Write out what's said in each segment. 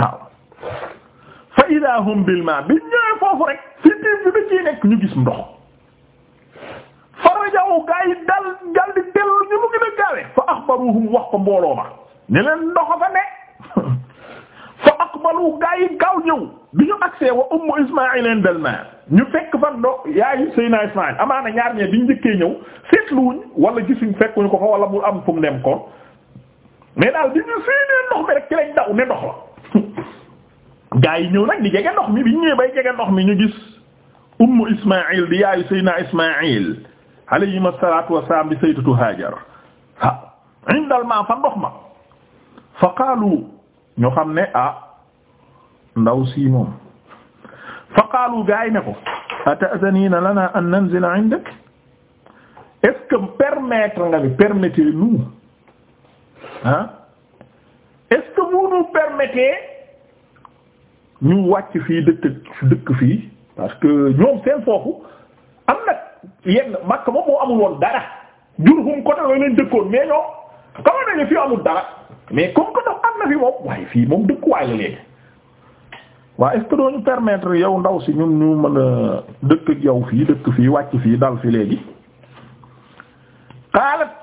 waaw fa idaa hum bi ñëwee foofu rek fi tiim bi da ciy nekk ñu gis ndox farajaw gaa dal dal di dellu ñu mu gën a gaawe fa axbaruhum wax ko mbooloo ma ne leen ndox fa ne fa aqbalu gaa gaaw ñëw bi ñu agsee wa ummu isma'ilan bil ñu fekk fa ndo yaayu seyna ismail amaana ñaar ñee bi ñu njëkkee ñëw seetluwuñ wala gisuñ fekkuñu ko fa wala mu am fu mu dem ko mais daal bi ñu séenee ndox mi rek ci lañ daw ne ndox la gaa yi ñëw nag di jege ndox mi bi ñu ñëwee bay jege ndox mi ñu gis ummu ismail di yaayu saydna ismail alayhim asalatu wasalam di sayyidatu hajar waaw indal ma fa ndox ma fa qaalu ñu xam ne ah ndaw sii moom fa yi ne ko atazanina lana an nanzila indak est-ce que permettre nga bi permettez-nous ah est-ce que ñu wàcc fii dëkk dëkk fii parce que ñoom seen foofu am nag yenn Makka moom moo amul woon dara Jurhum côté yooyu leen dëkkoon mais ñoom xamoon nañu fi amul dara moom waaye fii moom dëkkuwaay la léegi waa est-ce que permettre yow ndaw si ñun ñu mën a dëkk ak yow fii dëkk fii wàcc fii dal fi léegi xaalat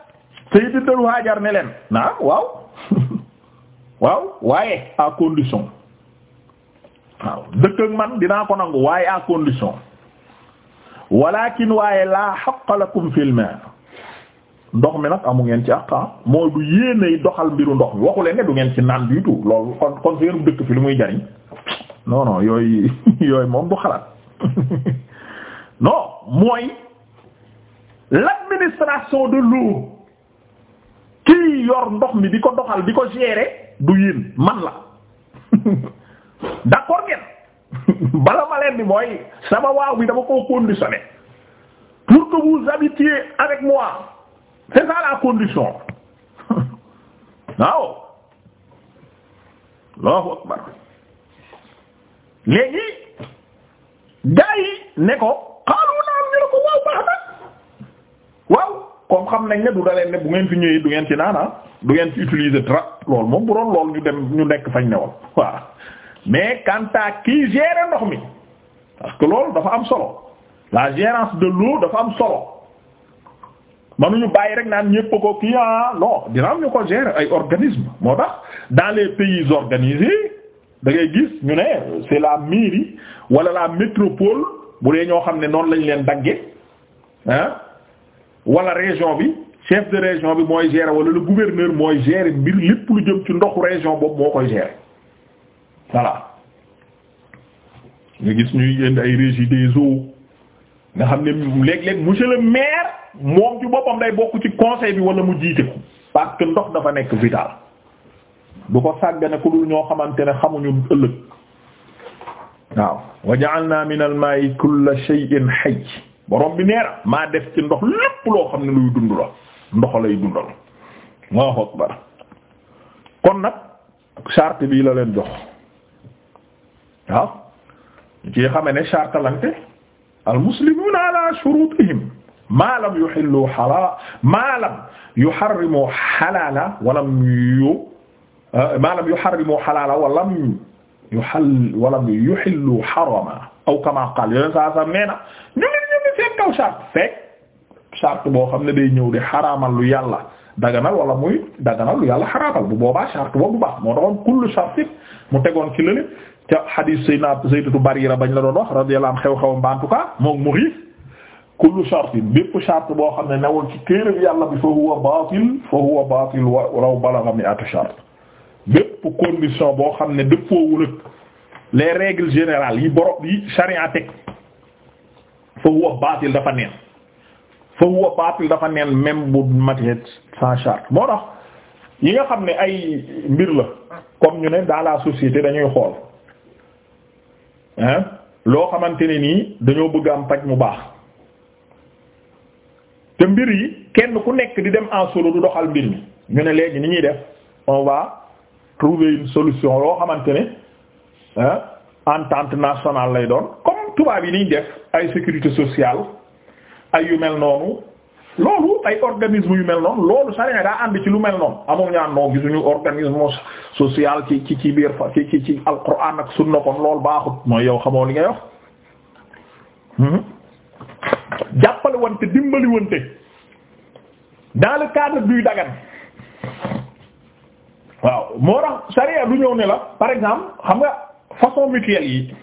sayyidatul Hajar ne leen naa waaw waaw waaye à condition waaw dëkk man dinaa ko nangu waaye à condition walakin waaye laa haqq lakum fil ma ndox mi nag amu ngeen ci àq ah. mooy du yéenay doxal mbiru ndox mi waxu du ngeen ci naan du tout loolu kon kon seenu dëkk fi lu muy jariñ non non yooyu yooyu moom du xalaat non mooy l'administration de l'eau kii yor ndox mi di ko doxal di ko gérer du yéen man la. d'accord ngeen bala ma leen di mooy sama waaw bi dama koo conditionné pour que vous habitiez avec moi c'est ça la condition waaw Allahu ko xaalu naan ko xam ne du daleen ne bu ngeen fi ñëwee du ngeen ci naana ah, du ngeen ci utiliser lool moom bu doon lool ñu dem ñu nekk fañ ne woon waaw mais quant à kii gérer ndox mi parce que loolu dafa am solo la gérance de l'eau dafa am solo mënuñu bàyyi rek naan ñépp ko kii ah non dina am ñu ko gérer ay organisme moo tax dans les pays organisés da ngay gis ñu ne c'est la mairie wala la métropole bu dee ñoo xam ne noonu lañ leen dagge ah wala région bi chef de région bi mooy gérer wala le gouverneur mooy gérer mbir lépp lu jëm ci ndoxu région boobu moo koy gérer voilà nga gis ñuy yéen ay régie des eaux nga xam ne léeg-léeg monsieur le maire moom ci boppam day bokk ci conseil bi wala mu jiite ko parce ndox dafa nekk vital du ko sàggane ku dul ñoo xamante ne xamuñu ëllëg waaw wa ja'alna min al-ma'i kulla shay'in hayy borom bi neera maa def ci ndox lépp loo xam ne luy dund la ndox lay dundal Allahu akbar kon nag charte bi la leen jox waaw ci xame ne chartalante al muslimuna ala shurutihim ma lam yuhillu halala ma lam yuharrimu halala wa lam yu eh, ma lam yuharrimu halala wa lam yuhall wa lam yuhillu harama aw kama qaal yoneen saa sax nee na ñu ngi ñu ngi fekk kaw charte fekk charte boo xam ne day ñëw di xaraamal lu yàlla daganal wala muy daganal lu yàlla xaraamal bu boobaa charte boobu baax moo taxoon kullu charte mu tegoon ci lële ca hadith sayna sayyidatu Barira bañ la doon wax radiyallahu anha xew-xew ba en tout cas moom Mughis bépp shart boo xam ne newul ci téereb yàlla bi fa huwa baatil fa huwa baatil walaw balagha mi'ata shart bépp condition boo xam ne dëppoowul ak les règles générales yi borom yi charia teg fa huwa baatil dafa neen fa huwa baatil dafa neen même bu matee sans charte moo tax yi nga xam ne ay mbir la comme ñu ne dans la société dañuy xool loo xamante ne nii dañoo bëgg am paj mu baax te mbir yi kenn ku nekk di dem en solo du doxal mbir mi ñu ne léegi ni ñuy def on va trouver une solution loo xamante ne ah entente nationale lay doon comme tubaab yi niñ def ay sécurité sociale ay yu mel noonu loolu ay organisme yu mel noonu loolu sariya daa ànd ci lu mel noonu amoon ñaan noo gisuñu organisme social ci ci ci biir fa ci ci ci alquran ak sunna kon loolu baaxut mooy yow xamoo li ngay wax hmm? jàppale wante dimbali wante dans le cadre duy dagan waaw moo tax sariya du ñëw ne la par exemple xam nga façon mutuelle yi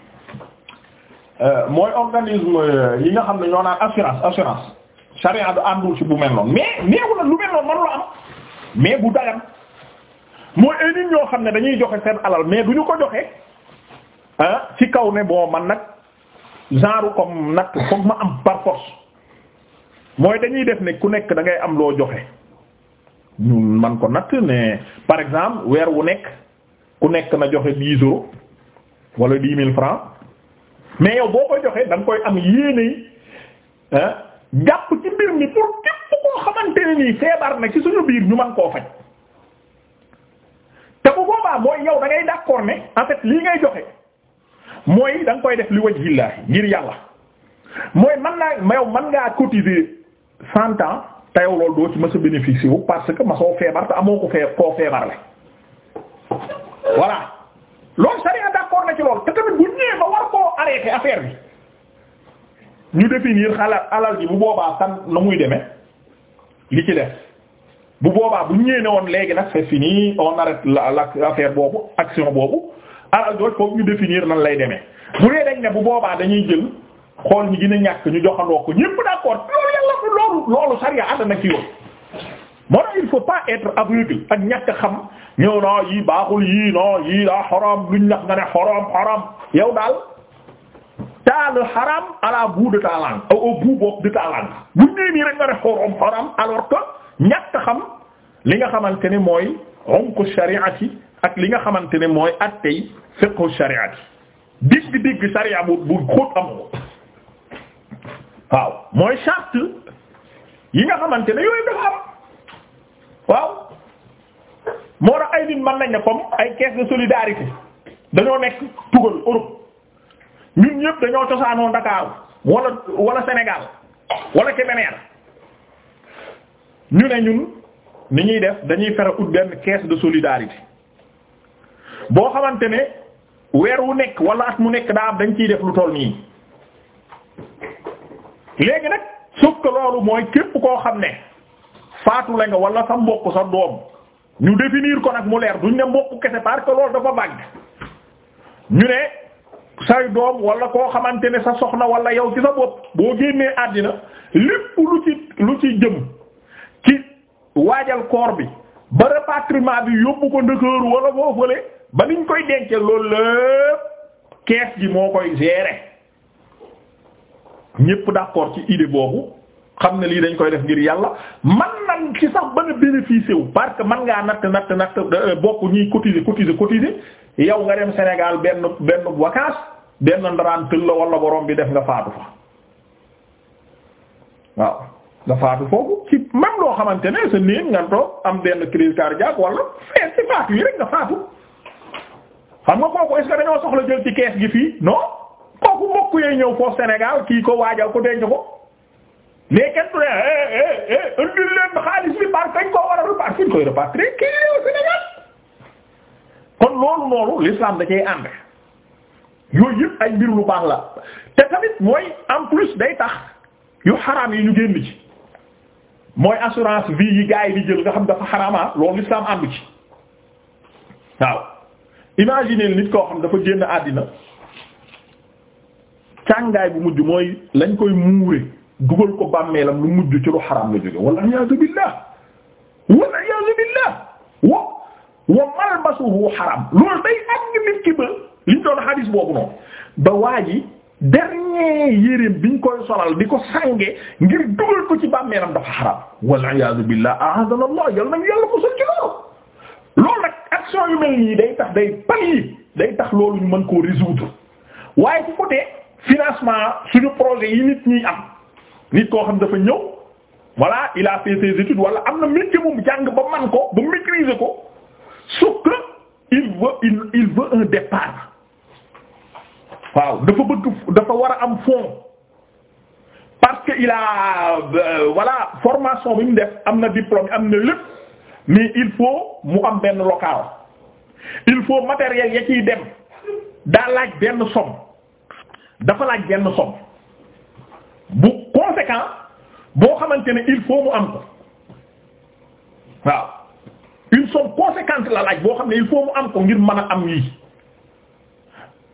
euh, mooy organisme yi nga xam ne ñoo naan assurance assurance sharia du àndul ci bu mel noonu mais néewu la lu mel noonu man am mais bu dagan mooy ay ñoo xam ne dañuy joxe seen alal mais du ñu ko joxe ah, ci kaw ne boo man nag genre comme nag foog ma am par mooy dañuy def ne ku nekk dangay am loo joxe ñun man ko natt ne par exemple weer wu nekk ku nekk na joxe dix euros wala dix mille francs mais yow boo koy joxe da koy am yéene ah jàpp ci mbir mi pour képp koo xamante ne feebar na ci suñu biir ñu man koo faj te bu boobaa mooy yow da ngay ne en fait lii ngay joxe mooy da koy def li wajhillahi ngir yàlla mooy man naa yow man ngaa cotiser cent te yow loolu doo ci mës a bénéficier wu parce que masoo feebar te amoo ko fee koo feebar la voilà loolu sariya d'accord na ci loolu te tamit bu ñëwee ba war koo arrêter affaire bi. ñu définir xalaat alal ji bu boobaa kan na muy demee li ci def bu boobaa bu ñu ñëwee ne woon léegi nag c'est fini on arrête l'affaire boobu action boobu alal jooju foofu ñu définir nan lay demee bu dee dañ ne bu boobaa dañuy jël xool ñu gën ñàkk ñu joxandoo ko ñépp d'accord loolu yàlla loolu loolu sariya ànd na ci yoon. moo tax il faut pas être aveugle ak ñàkk xam ñëw non yii baaxul yii non yii daa xaram luñ ñax nga ne xaram xaram yow daal. taal haram à la bout de au bout boobu bu nee rek nga def xorom haram alors que ñàkk xam li nga xamante ne mooy umku shari'ati ak li nga xamante ne mooy attey fiqhu shari'ati digg digg sharia bu bu xóot amoo waaw mooy nga xamante ne yooyu waaw moo tax ay man mën nañ ne comme ay caisse de solidarité dañoo nekk tugal Europe. ñun ñëpp dañoo cosaanoo Dakar wala wala Sénégal wala Kébémer ñu ne ñun ni ñuy def dañuy fexe ut benn caisse de solidarité boo xamante ne weer wu nekk wala at mu nekk daa am dañ ciy def lu toll nii léegi nag sauf que loolu mooy képp koo xam ne faatu la nga wala sa mbokk sa doom ñu définir ko nag mu leer duñ ne mbokk kese parce que loolu dafa bàgg ñu ne. say doom wala koo xamante ne sa soxna wala yow ci sa bopp boo génnee àddina lépp lu ci lu ci jëm ki waajal koor bi ba rapatriement bi yóbbu ko ndëkkëru wala boo fële ba niñ koy dencee loolu lépp kees gi moo koy gérer ñépp d'accord ci idée boobu xam ne lii dañ koy def ngir yàlla man nañ ci sax ba a bénéficier wu parce que man ngaa natt natt natt euh, bokk ñuy cotiser cotiser cotiser yow nga dem Sénégal benn benn vacance benn ndaraan tël la wala borom bi def nga faatu fa waaw nga faatu foofu ci même loo xamante ne sa néeg nga toog am benn crise cardiaque wala fee si faatu yi rek nga faatu xam nga kooku est-ce que dañoo soxla jël ci kees gi fii non kooku mbokk yooyu ñëw foofu Sénégal kii ko waajal ko denc ko mais kenn du ne eh eh eh indi leen xaalis bi par dañ koo war a repartir koy repartir kii yooyu Sénégal. kon loolu noonu l'islam da cay ànd yooyu ay mbir lu baax la te tamit mooy en day tax yu xaraam yi ñu génn ci mooy assurance vie yi gars jël nga xam dafa xaraama ah loolu l'islam àndu ci waaw imaginez nit koo xam dafa jénn àddina càngaay bu mujj mooy lañ koy muure dugal ko bàmmeelam lu mujj ci lu xaraam la jóge walla iyaazu billaah walla iyaazu wa malbasuhu haram loolu day àgg nit ki liñ doon hadis boobu noonu ba waa ji dernier yéreem biñ koy solal di ko sànge ngir dugal ko ci bàmmeeram dafa haram wal iyaadu billah ahadana allah yal nañu yàlla ko sol ci loolu nag action yu mel nii day tax day palli day tax loolu ñu mën koo résoudre waaye ci côté financement suñu projet yi nit ñi am nit koo xam dafa ñëw voilà il a fait ses études wala am na métier moom jàng ba man ko ba maîtriser ko sauf que il veut il il veut un départ waaw dafa bëgg dafa war a am fond parce que il a euh, formation bi mu def am na diplôme am na lépp mais il faut mu am benn local il faut matériel ya ciy dem daa laaj benn somme dafa laaj benn somme bu conséquent boo xamante ne il faut mu am ko waaw. somme conséquente la laaj boo xam ne il faut mu am ko ngir mën a am yii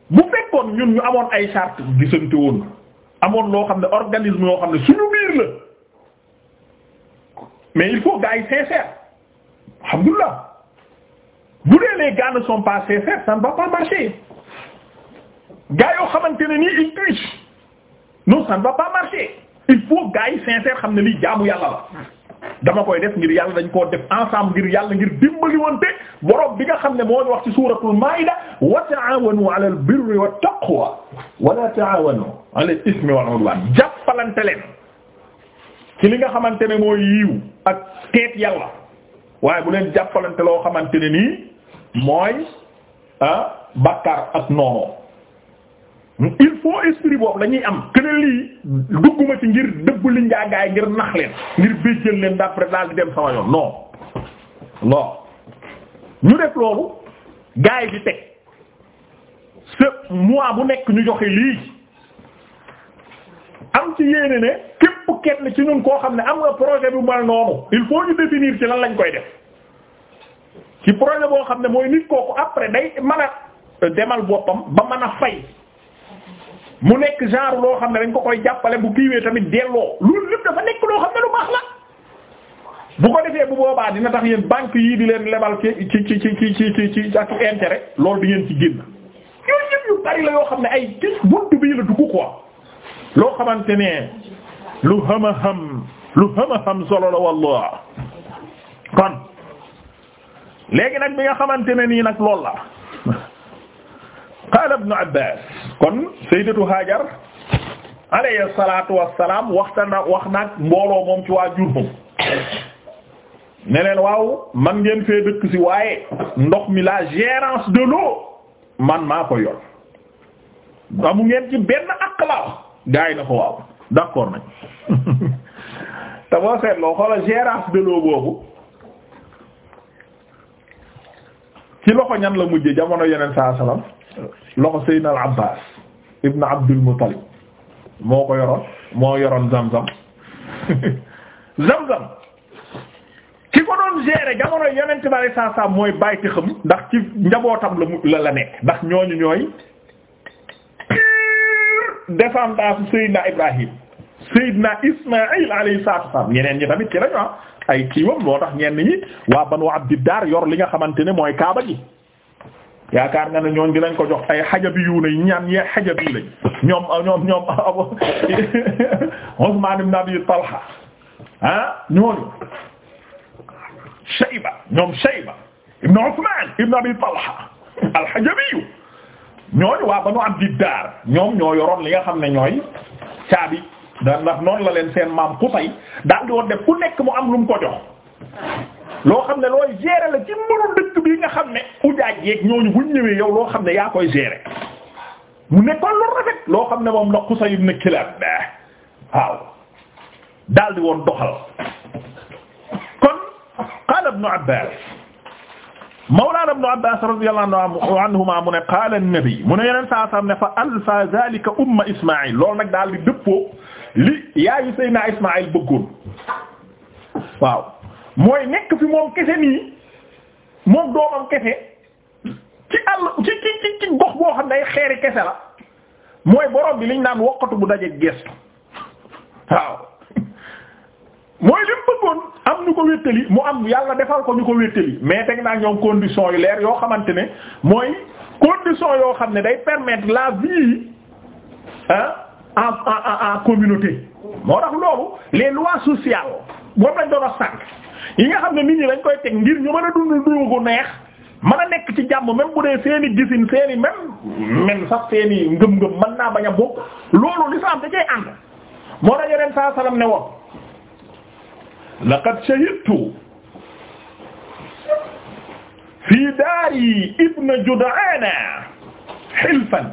bu fekkoon ñun ñu amoon ay charte gisante woon amoon loo xam ne organisme yoo xam ne suñu biir la mais il faut gars yi alhamdulilah bu dee les gars ne sont pas sincères ça ne va marcher gars yoo xamante ne nii ils trichent non ça ne va pas marcher il faut gars yi xam ne lii jaamu yàlla dama koy def ngir yàlla dañ koo def ensemble ngir yàlla ngir dimbali wante borom bi nga xam ne moo wax ci suuratul maa'ida wa ta'aawanu 'alal birri wat taqwa wa laa ta'aawanu 'alal ismi wal 'udwaan jàppalante leen ci li nga xamante ne mooy yiiw ak teet yàlla waaye bu leen jàppalante loo xamante ne nii mooy ah bàkkaar ak noonoo il faut esprit boobu la am que ne lii ci ngir dëbb li njaagaay ngir nax leen ngir béjjël leen d'après daal di dem sama yoon non non ñu def loolu gaay bi teg ce mois bu nekk ñu joxe lii am ci yéene ne képp kenn ci ñun koo xam ne am nga projet bu mel noonu il faut ñu définir ci lan lañ koy def ci projet boo xam ne mooy nit kooku après day mën a demal boppam ba mën a fay mu nekk genre loo xam ne dañ ko koy jàppale bu kiiwee tamit delloo loolu lépp dafa nekk loo xam ne lu baax la bu ko defee bu boobaa dina tax yéen banque yii di leen lebal ci ci ci ci ci ci ci ak intere loolu di ngeen ci génn yooyu yëpp yu bari la yoo xam ne ay ci buntu bii la dugg quoi loo xamante ne lu hama ham lu hama ham solo la wallah kon léegi nag bi nga xamante ne nii nag lool la qaala ibnu Abbaas kon sayyidatu Haajar alayhi salaatu wassalaam waxtana wax nag mbooloo moom ci waa Jurhum ne leen waaw man ngeen fee dëkk si waaye ndox mi la gérance de l'eau man maa ko yor amu ngeen ci benn ak la wax na ko waaw d'accord nañ te boo seetloo xoola gérance de l'eau boobu ci loxo ñan la mujjee jamono yeneen saa salaam loxo Seydina al Abbaas ibn Abdul Muttalib moo ko yoroon moo yoroon Zamzam Zamzam ki ko doon gérer jamono yonent bi alayhi salaam mooy bàyti xam ndax ci njabootam la mu la la nekk ndax ñooñu ñooy descendance Seydina Ibrahim Seydina Ismaïl alayhi salaam ñeneen ñi tamit ci lañu ah, ay kii moo tax ñenn ñi waa Banu Abdid Dar yor li nga xamante ne mooy Kaaba gi yaakaar nga ne ñoon dinañ ko jox ay xajabi yu ne ñaan ñee xajabi lañ ñoom ñoom ñoom Usman ibn Abi Talha ah ñooñu Shayba ñoom Shayba ibn Usman ibn Abi Talha al-Hajabi ñooñu waa Banu Abdiddar ñoom ñoo yoroon li nga xam ne ñooy caabi da ndax noonu la leen seen maam Qusay daal di woon def ku nekk mu am lu mu ko jox loo xam ne looy gérer la ci mbiru dëkk bi nga xam ne ujaaj yeeg ñooñu buñ ñëwee yow loo xam ne yaa koy gérer mu nekkoon lu rafet loo xam ne moom la Qusay ibn Kilab waaw daal di woon doxal kon qaala ibn Abbas mawlaana ibn Abbas radiyallahu anhuma mu ne mu ne yeneen saa ne fa alfa zalika umma Ismaïl loolu nag daal di dëppoo li mooy nekk fi moom kese nii moo doomam kese ci àll ci ci ci gox boo xam ne ay xeeri kese la mooy borom bi liñ naan wokkatu bu dajeeg gestu waaw mooy li mu bëggoon am nu ko wéttali mu am yàlla defal ko ñu ko wéttali mais teg ñoom condition yu leer yoo xamante ne mooy condition yoo xam ne day permettre la vie hein en en en communauté moo tax loolu les lois sociales moom lañ doon a sànq yi nga xam ne nit ñi dañ koy teg ngir ñu mën a dund dund gu neex mën a nekk ci jàmm même bu dee seeni gisin seeni même même sax seeni ngëm-ngëm mën naa bañ a bokk loolu lislaam da cay ànd moo tax saa salaam ne woon laqad shahidtu fii daari ibn Judaana hilfan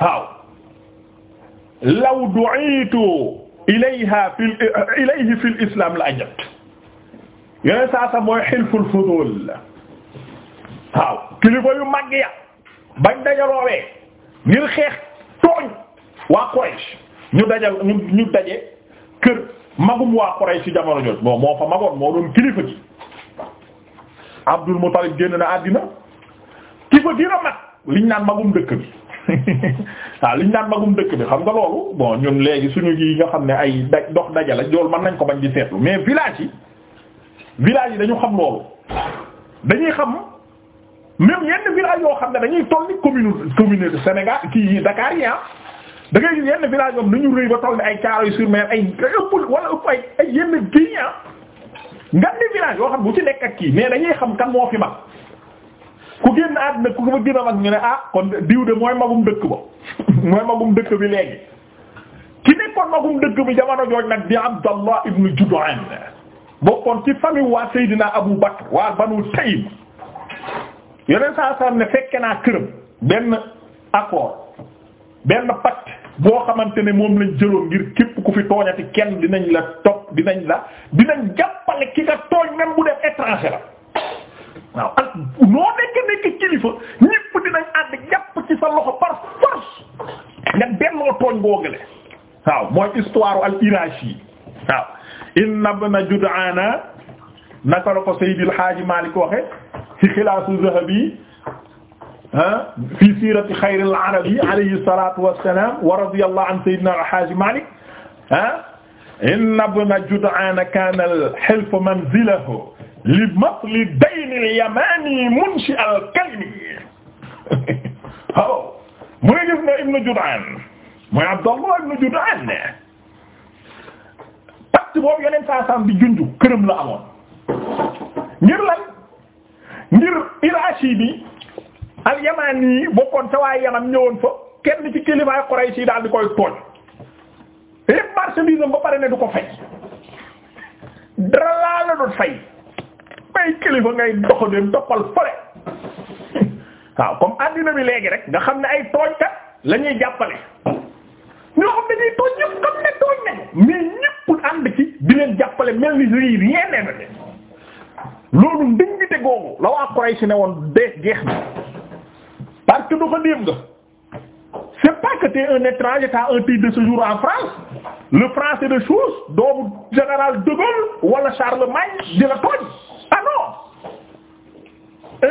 waaw law du'itu ilayha fil ilayhi fil islam la ajat yeneen saa sa mooy xilful fudul waaw kilifa yu mag ya bañ dajaloowee ngir xeex tooñ waa Quraysh ñu dajal ñu ñu daje kër magum waa Quraysh ci jamono jooju bon moo fa magoon moo doon kilifa gi Abdul Muttalib génn na àddina kilifa gi la mag liñ naan magum dëkk bi. waaw liñ naan magum dëkk bi xam nga loolu bon ñun léegi suñu gi nga xam ne ay daj dox dajala loolu mën nañ ko bañ di seetlu mais village yi village yi dañu xam loolu dañuy xam même yenn village yoo xam ne dañuy toll ni commune commune Sénégal kii Dakar yi ah da ngay gis yenn village yoom nañu rëy ba toll ni ay thiaroye yu mer ay ëpp wala ëpp ay yenn kii ah ngan ni village yoo xam ne bu ci nekk ak kii mais dañuy xam kan moo fi mag ku génn àddina ku ko gën mag ñu ne ah kon diw de mooy magum dëkk ba mooy magum dëkk bi léegi ki nekkoon magum dëkk bi jamono jooj nag di Abdallah ibn Jud'an bokkoon ci famille waa Seydina Abu Bakr waa Banu Taym yeneen saa saa ne fekke naa këram benn accord benn pacte boo xamante ne moom lañ jëloon ngir képp ku fi tooñati kenn dinañ la topp dinañ la dinañ jàppale ki nga tooñ même bu def étranger la waaw ak noo nekk nekk kilifa ñépp dinañ ànd jàpp ci sa loxo par force nga delloo tooñ googale waaw mooy histoire al Irashi waaw inna ibna Jud'ana naka la ko Seydil Haaji Malik waxe ci xilaasu zahabi ah fi siirati xayril arabi alayhi salaatu wa salaam wa radiyallahu an Seydina al Haaji Malik ah inna ibna Jud'ana kaana al hilfu manzilahu li mafli daynil yamani munshi al kalimi waaw mu gis nga ibnu Jud'an mooy ibnu Jud'an pacte boobu yeneen saa saam bi junju këram la amoon ngir lan ngir Irashi bi al bokkoon sa waa Yaman ñëwoon fa kenn ci kilifaay Qurayshi daal di koy tooñ lépp marchandise ba pare ne du ko fay dara la doon fay bay kilifa ngay dox dem doxal fële waaw comme addina bi léegi rek nga xam ne ay tooñkat la ñuy jàppale ñoo xam ne ñuy tooñ ñëpp xam ne tooñ nañu mais ñëpp ànd ci di leen jàppale mel ni lii rien ne na loolu ndingite googu la waa Quraysh ne woon dee jeex na parce que du nga c'est pas un étranger t'as un titre de séjour en France le français de chose doomu général de wala Charlemagne di la tooñ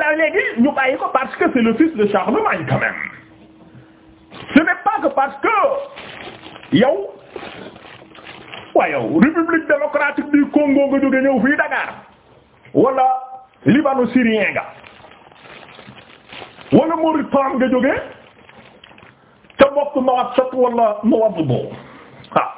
la léegi ñu bàyyi ko parce que c'est le de Charlemagne quand même ce pas que parce que yow waa yow république démocratique du Congo nga jóge ñëw fii Dakar wala Libano syrien nga wala Mauritanie nga jóge te bokk Nouakchott wala Nouadhibou waaw ah.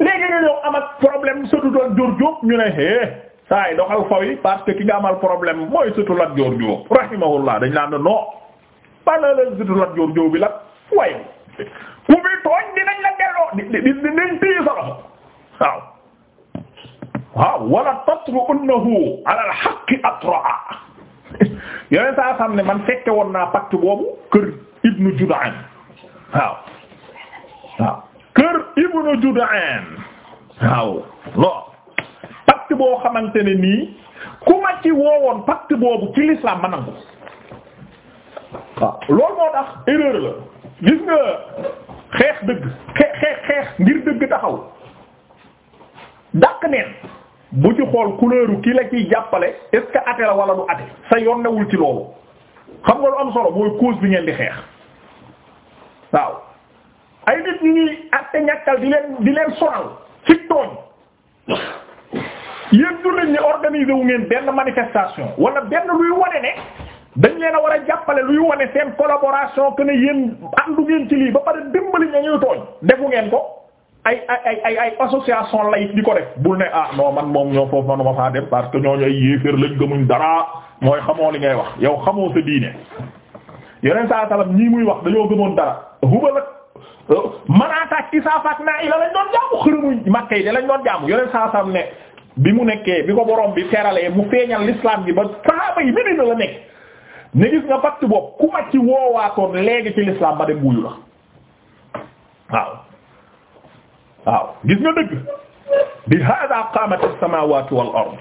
léegi nga ñëw am ak problème surtout doon jur ñu ne hé eh, saa yi doxal faw parce que ki nga amal problème mooy surtout Lat Joor Joob rahimahullah dañ naan non bala la surtout Lat Joor Joob bi la waaye ku bi tooñ dinañ la delloo di di di dinañ téye sa loxo waaw waaw wala tatru'unnahu ala al-haqqi atra'a yeneen saa xam ne man fekke woon naa pacte boobu kër Ibnu Jud'aan waaw waaw kër Ibnu Jud'aan waaw lo boo xamante ne nii ku ma ci woowoon pacte boobu ci lislaam ma nangu waaw loolu moo tax erreur la gis nga xeex dëgg xeex xeex ngir dëgg taxaw dàq neen bu ci xool couleur ki la ciy jàppale est ate la wala du ate sa yoon newul ci loolu xam nga lu am solo mooy cause bi ngeen di xeex waaw ay nit ñi ñuy àtte ñàkkal di leen di leen sonal ci tooñ yéen jullit ñi organiser wu ngeen benn manifestation wala benn luy wane ne dañ leen a war a jàppale luy wane seen collaboration que ne yéen àndu ngeen ci lii ba pare dimbali ña ñuy tooñ defu ngeen ko ay ay ay ay association lay di ko rek bul ne ah non man moom ñoo foofu manuma faa dem parce que ñooñu ay yéeféer lañ gëmuñ dara mooy xamoo li ngay wax yow xamoo sa diine yeneen saa salam nii muy wax dañoo gëmoon dara hubalat euh, manaataak isaafaak naa ila lañ doon jaamu xërëmuñ makkay de lañ yeneen saa salam bi mu nekkee bi ko borom bi teralee mu feeñal l'islam bi ba saaba yi Medina la nekk ne gis nga patt bopp ku ma ci woowaatoon léegi ci l'islam ba dem wuyu la waaw waaw gis nga dëgg bi hada qamat as-samawati wal ard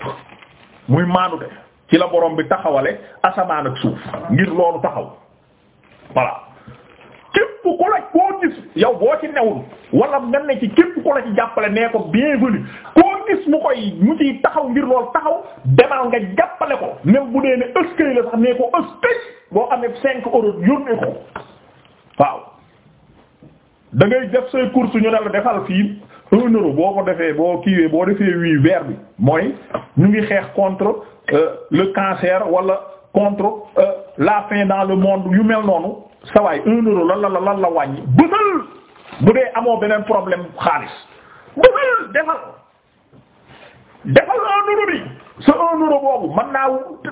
muy maanute ci la boroom bi taxawale asamaan ak suuf ngir loolu taxaw voilà képp ku la koo gis yow boo ci newul wala nga ne ci képp ku la ci jàppale nee ko bienvenue koo gis mu koy mu ciy taxaw ngir lool taxaw demal nga jàppale ko même bu dee ne ëskay la sax nee ko ëskay boo amee cinq euros yónnee ko waaw da ngay def say course ñu ne la defal fii un boo ko defee boo kiiwee boo defee wii weer bi mooy ñu ngi xeex contre euh, le cancer wala contre euh, la faim dans le monde yu mel noonu sawaay un euro lan la la lan la wàññi bësal bu dee amoo beneen problème xaalis bësal defal defal un euro bi sa un euro boobu mën naa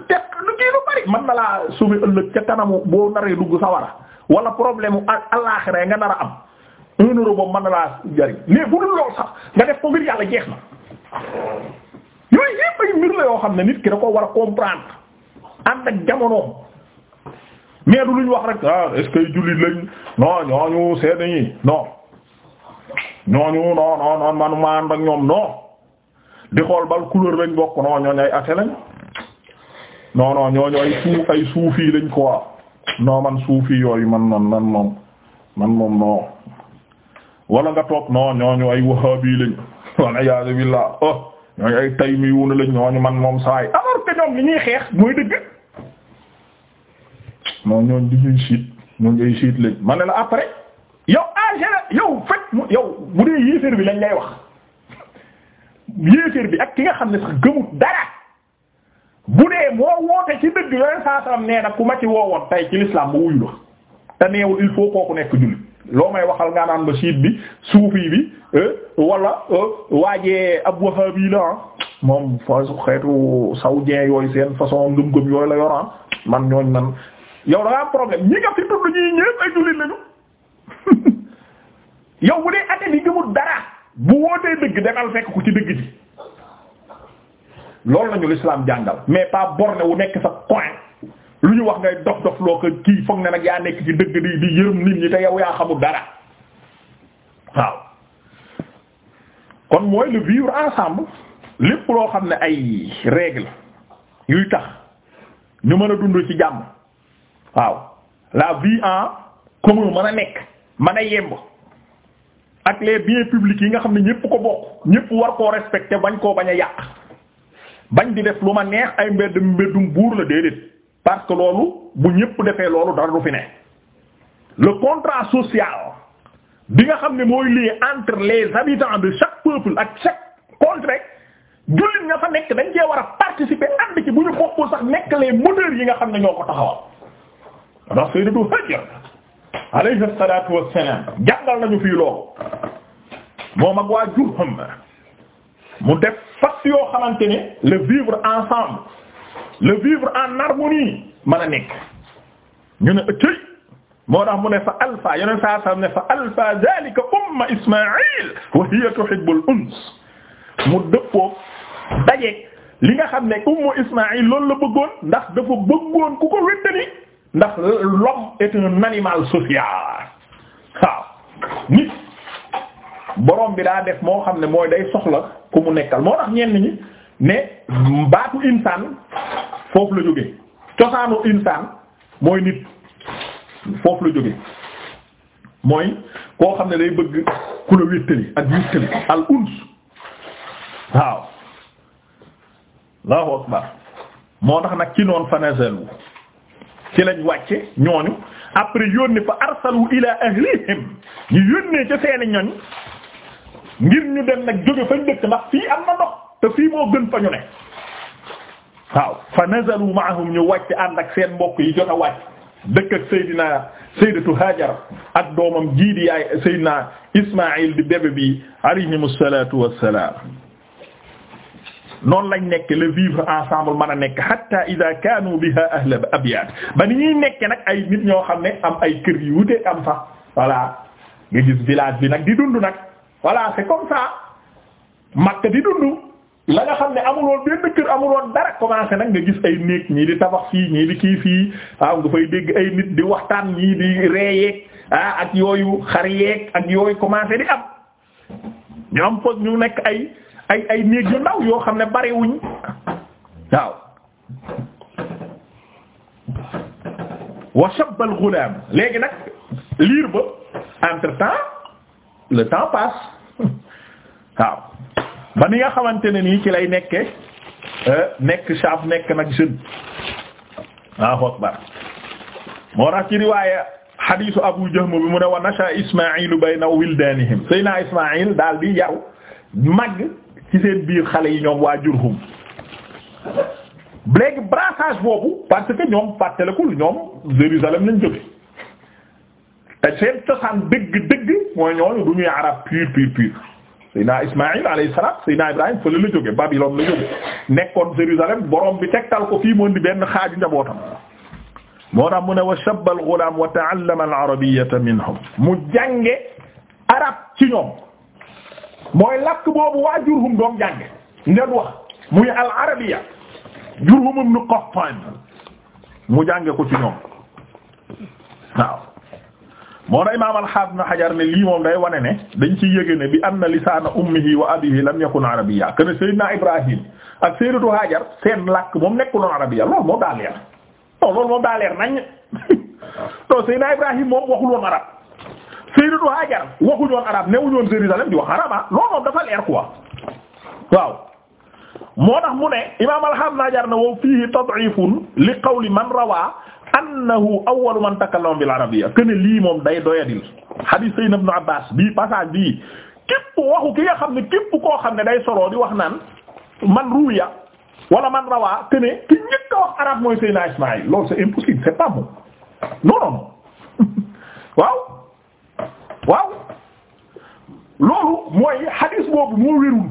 teg lu kii lu bari mën na laa subi ëllëg ca kanamu boo naree dugg sawara wala problème mu alaaxira nga nar a am un euro boobu mën na laa jariñ mais bu dul lool sax nga def ko ngir yàlla jeex na yooyu yépp ay mbir la yoo xam ne nit ki da ko war a comprendre ànd ak jamonoom mais du luñ wax rek ah est-ce que jullit lañ non ñooñu seen ñi non ñooñu non non non manuma ànd ñoom non di xool bal couleur lañ bokk non ñooñu ay athée lañ non non ñooñu ay suufi lañ quoi non man suufi yooyu man man man moom man moom non wala nga toog non ñooñu ay wahhabi lañ wala yaa billah oh ñooñu ay taymiyuuna lañ ñooñu man moom saay alors que ñoom ñi ñuy xeex mooy dëgg non ñooñ di ñuy siit ñooñ ay siit lañ ma ne na après yow ah, en yow fekk yow dee yéeféer bi lañ lay wax yéeféer bi ak ki nga xam ne sax gëmut dara bu dee moo woote ci dëgg yooyu ku ma ci woowoon tey ci la te neewul il faut kooku nekk jullit loo may waxal nga naan ba siit bi suufi bi euh, wala euh, waajee ab wahabi la ah. moom fa xeetu saoudien yooyu seen façon ngëm-ngëm yooyu la yoran ah. man ñooñ nan yow da problème ñi nga fi tudd ñii ñëpp ay jullit lañu yow bu dee athée bi gëmul dara bu wootee dëgg demal fekk ku ci dëgg ji loolu lañu l'islam jàngal mais pas borne wu nekk sa coin lu ñu wax ngay dof dof loo ko kii foog ne nag yaa nekk ci dëgg di di yërëm nit ñi te yow yaa xamul dara waaw kon mooy le vivre lépp loo xam ne ay règle yuy tax ñu mën a dund ci jàmm waaw la vie en commun mën a nekk mën a yemb ak les biens publics yi nga xam ne ñépp ko bokk ñépp war koo respecté bañ koo bañ a yàq bañ di def lu ma neex ay mbedd mbeddum buur la déedéet parce que loolu bu ñépp defee loolu dara du fi ne le contrat social bi nga xam ne mooy lié entre les habitants de chaque peuple ak chaque contrée jullit nga fa nekk dañ cee war a participer ànd ci bu ñu bokkul sax nekk les moteurs yi nga xam ne ñoo ko taxawal ndax Sayyidatu Hajar alayhi salaatu wassalaam jàngal nañu fii loolu moom ak waa mu def fas yoo xamante ni le vivre ensemble le vivre en harmonie mën ñu ne ëccëy moo tax mu ne fa alfa yeneen saa ne fa alfa zalika umma Ismaïl wa hiya tuhibbul uns mu dëppoo daje li nga xam ne ummu Ismaïl loolu la bëggoon ndax dafa bëggoon ku ko wettali ndax l'homme est un animal social waaw nit borom bi daa def moo xam ne mooy day soxla ku mu nekkal moo tax ñenn ñi ne baatu insaan foofu la jóge cosaanu insaan mooy nit foofu la jóge mooy koo xam ne day bëgg ku la wéttali ak wéttali al uns waaw allahu akbar moo tax nag ci noon fa nazalu ci lañ wàcce ñooñu après yónni fa arsalu ila ahlihim ñu yónnee ca seeni ñoñ ngir ñu dem nag jóge fañ dëkk ndax fii am na ndox te fii moo gën fa ñu ne waaw fa nazalu maahum ñu wàcc ànd ak seen mbokk yi jot a wàcc dëkk ak Seydina Sayyidatu Hajar ak doomam jiidi yaay Seydina Ismaïl di bébé bi alayhimu salaatu wassalaam noonu lañ nekk le vivre ensemble mën a nekk hatta ida kaanu biha ahla abyaat ba ni ñuy nekke nag ay nit ñoo xam ne am ay kër yu wute am sax voilà nga gis village bi nag di dund nag voilà c'est comme ça Makka di dund la nga xam ne amuloon benn kër amuloon dara commencé nag nga gis ay néeg ñii di tabax fii ñii di kii fii waaw nga fay dégg ay nit di waxtaan ñii di reeyeeg ah ak yooyu xar ak yooyu commencé di am ñu am foog ñu nekk ay ay ay néeg yu ndaw yoo xam ne bariwuñ waaw wa shabba al ghulam léegi nag liir ba entre temps le temps passe waaw ba ni nga xamante ne nii ci lay nekke euh, nekk shaab nekk nag jeune waaw akbar moo tax ci riwaaya xadiisu abu jahm bi mu ne wa nasha ismailu bayna wildanihim naa ismail daal di yaru màgg ci seen biir xale yi ñoom waa Jurhum léegi brassage boobu parce que ñoom fàttalekul ñoom Jérusalem lañ jóge te seen cosaan dëgg-dëgg mooy ñooñu du ñuy arab pur pur pur Seydina Ismaïl alayhi salaam Seydina Ibrahim fële la jóge Babylone la jóge nekkoon Jérusalem borom bi tegtal ko fii moo di benn xaaju njabootam moo tax mu ne wa shabba al-ghulaam wa ta'allama al-arabiyyata mu jànge arab ci ñoom mooy làkk boobu waa Jurhum doom jàng ngeen wax muy al arabiya Jurhum ibn Qattan mu jànge ko ci ñoom waaw moo na imaam al-Hafiz Ibn Hajar ne lii moom day wane ne dañ ci yëge ne bi anna lisaana ummihi wa abihi lam yakun arabiyya kana Seydina Ibrahim ak Sayyidatu Hajar seen làkk moom nekkuloon arabiyya loolu moom daa leer non loolu moom daa leer nañ non Seydina Ibrahim moom waxuloon arab Sayyidatu Hajar waxuñu woon arab newuñu woon Jérusalem di wax arab ah loolu dafa leer waaw moo tax mu ne imaam al-Hafiz Hajar na wow fiihi tad'ifun li qawli man rawaa annahu awwalu man takallama bil arabiyya ken lii moom day doyadil hadith Sayyidina Ibn Abbas bii passage bii képp waxu ki nga xam ne képp koo xam ne day soloo di wax naan man ruya wala man rawaa ken ki njëkk a wax arab mooy Sayyidina Ismaïl loolu c'est impossible c'est pas bon non waaw. loolu mooy xadis boobu moo wérul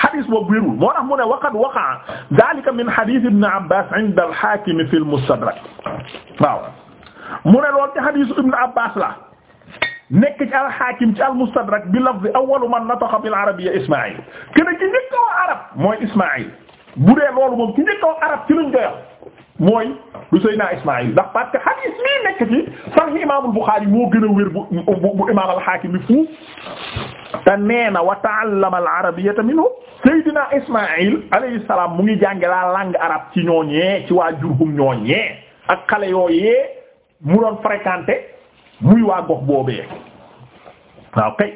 xadis boobu wérul moo tax mu ne waqad waqa'a dhalika min xadis Ibn Abbas 'inda al-Hakim fi al-Mustadrak waaw mu ne loolu ci xadis Ibn Abbas la nekk ci al-Hakim ci al-Mustadrak bi lafz awwalu man nataqa bil arabiyya Isma'il kenn ci njëkk a wax arab mooy Isma'il bu dee loolu moom ci njëkk a wax arab ci luñ koy wax mooy du Seydina Ismaïl ndax parce que hadis mii nekk ci Sahih Imaamul Buxaari moo gën a wér bu bu Imaam al-Haakim bi te nee na wa ta'allama al-arabiyyata minhu mu ngi jànge la langue arabe ci ñooñee ci waa Jurhum ñooñee ak xale yooyee mu doon fréquenté muy waa gox boobee waaw kay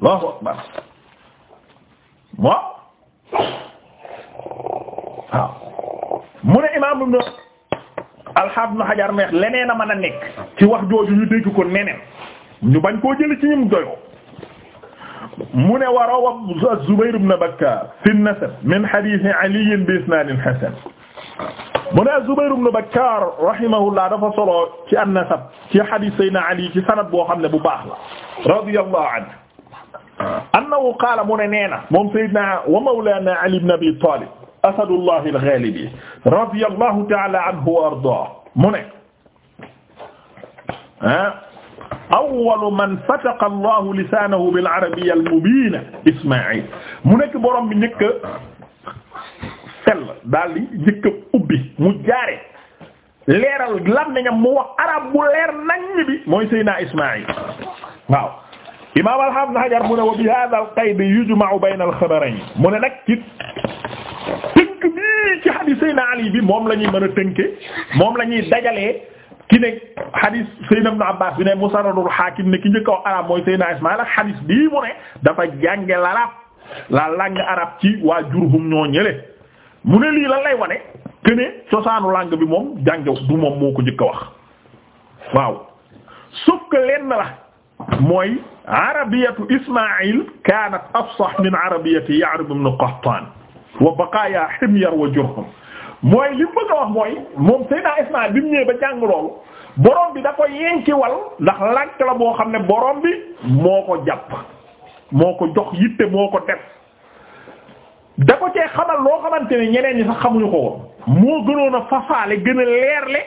Allahu akbar waaw. mu ne imaam ibn al-Hafiz Ibn Hajar neex leneen a mën a nekk ci wax jooju ñu dégg ko neneen ñu bañ koo jëli ci ñum doyoo mu ne wa rawa Zubayr ibn Bakkar fi an-nasab min hadith Ali bi isnadin hasan mu ne Zubayr ibn Bakkar rahimahullah dafa solo ci an-nasab ci hadith Sayyidina Ali ci sanad boo xam ne bu baax la radiyallahu anhu annahu qaala mu ne nee na moom Sayyidina wa mawlana Ali ibn Abi Talib asadullah al-ghalibi radiyallahu ta'ala anhu wa ardaah mu ne ah awwalu man fataqa allahu lisaanahu bil arabiyya al mubiina Ismaa'il mu nekk borom bi njëkk sell daal di njëkk ubbi mu jaare leeral lan nañam mu wax arab bu leer nañ bi mooy Seydina Ismaa'il waaw. imaam al-Hafiz Hajar mu ne wa bi hadha al-qayd yujma'u bayna al mu ne nag ci tënk bii ci hadith Seydina Ali bi moom lañuy mën a tënke moom la ñuy dajalee ki ne hadith Seydina Ibn Abbas bi ne Musnadul Hakim ne ki njëkk a wax arab mooy Seydina Ismaïl ak hadith bii mu ne dafa jànge l'arab la langue arabe ci waa Jurhum ñoo ñële mu ne lii lan lay wane que cosaanu langue bi moom jànge du moom moo ko njëkk a wax waaw sauf lenn la. mooy arabiyatu Ismaïl kaanat afsah min arabiyati Ya'rib ibn Qahtan wa baqaya Himyar wa Jurhum mooy li mu bëgg a wax mooy moom Seydina Ismaïl bi mu ñëwee ba jàng loolu borom bi da ko yenkiwal ndax làkk boo xam ne borom bi moo ko jàpp moo ko jox yitte moo ko def da ko cee xamal loo xamante ne ñeneen ñi sax xamuñu ko woon moo gënoon fasaale gën a leerle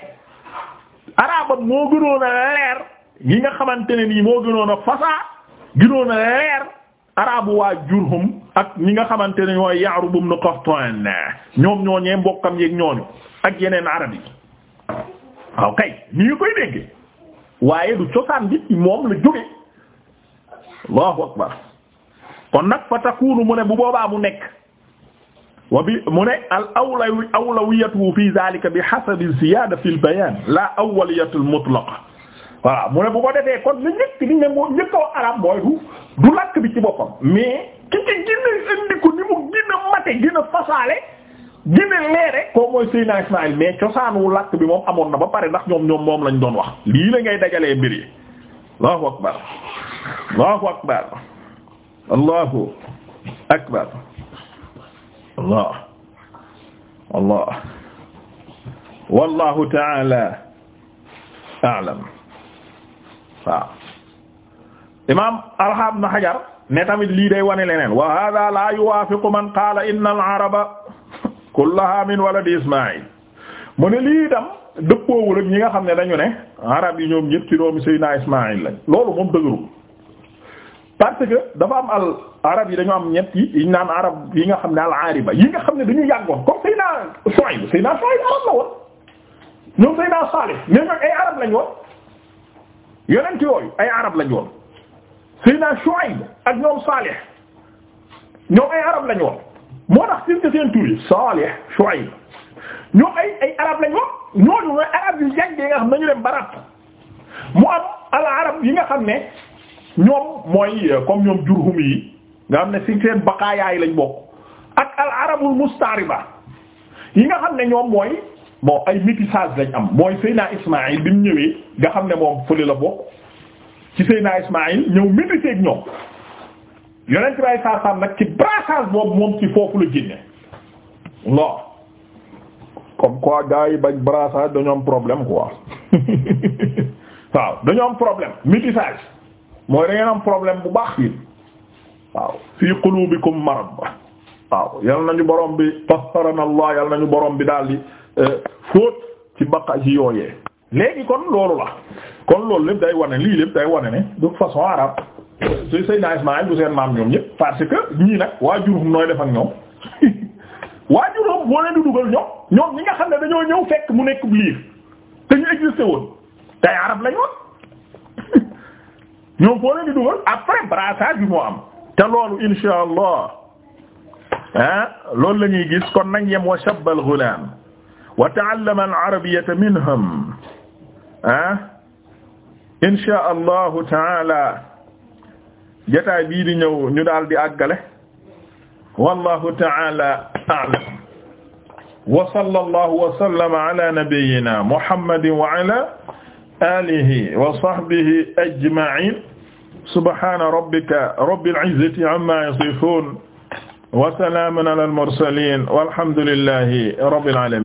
arabam moo gënoon leer yi nga xamante ne nii moo gënoon a fasaa gënoon a leer arabu waa Jurhum ak ñi nga xamante ne ñooy Ya'rub ibn Qahtan ñoom ñooñee mbokkam yeeg ñooñu ak yeneen arab yi waaw kay ni ñu koy dégg waaye du cosaan bi moom la jóge Allahu akbar kon nag fa takunu mu ne bu boobaa mu nekk wa bi mu ne al awlawi awlawiyatu fi zalika bi hasabi ziyada fi al bayan la awwaliyatu al mutlaqa voilà mu ne bu ko defee kon la njëkk di ne moo njëkk a wax mooy du du làkk bi ci boppam mais ki ci gën a indi ni mu gën a mate gën a fasaale gën a leere koo mooy Seydina Ismaïl mais cosaanu làkk bi moom amoon na ba pare ndax ñoom ñoom moom lañ doon wax lii la ngay dajalee mbir yi allahu akbar allahu akbar allahu akbar allah allah wallahu ta'ala a'lam waaw imaam alxaam na xajar ne tamit lii day wane leneen wa hada la yuwaafiqu man qaala inna al araba kullaha min waladi ismail mu ne lii itam dëppoowul ak ñi nga xam ne dañu ne arab yi ñoom ñëpp ci doomi Seydina Ismaïl lañ loolu moom dëgërul parce que dafa am al arab yi dañu am ñett yi naan yi nga xam ne al aariba yi nga xam ne dañu yàggoon comme Seydina Shuayb Seydina Shuayb arab la woon ñoom Seydina Salih mais ñoom ay arab lañ woon yonent yooyu ay arab lañu woon Seydina Shuayb ak ñoom Salih ñoom ay arab lañu woon moo tax seen seen tur yi ñoom ay ay arab lañu woon arab yu yàgg nga xam nañu dem barab mu am al arab yi nga xam ne ñoom mooy euh, comme ñoom Jurhum yi nga xam ne ci seen baqaayaay lañ bokk ak al arabul mustaariba yi nga xam ne ñoom mooy moo ay métissage lañ am mooy Seyna Ismaïl bi mu ñëwee nga xam ne moom fële la bokk ci Seyna Ismaïl ñëw métissé ak ñoom yonent bi ay saasam nag ci brassage boobu moom ci foofu la génne lool comme quoi gars yi bañ brassage dañu am problème quoi waaw dañu am problème métissage mooy da am problème bu baax yi waaw fii qulubikum marad waaw yal nañu borom bi tahharana Allah yal nañu borom bi daal di Euh, fóot ci baqa ci yooyee léegi kon loolu la kon loolu lépp day wane lii lépp day wane ne de façon arabe euh, su bu seen maam ñoom ñëpp parce que ñii nag waa Jurhum nooy def ak ñoom waa Jurhum boo leen di dugal ñoom ñoom ñi nga xam ne dañoo ñëw fekk mu nekk liir te ñu existé woon tay arab lañ ñoom boo leen di dugal après brassage bi moo am te loolu insha allah ah loolu la ñuy gis kon nañ yem wa shabbal ghulam wa ta'allama al-arabiyyata minhum ah insha allahu taala jotaay bii di ñëw ñu daal di àggale wallahu taala a'lam wa sallallahu wa sallama ala nabiyyina muhammadin wa ala alihi wa sahbihi ajma'in subhana rabbika rabbil izzati amma yasifun wa salamun ala al-mursalin walhamdulillahi rabbil alamin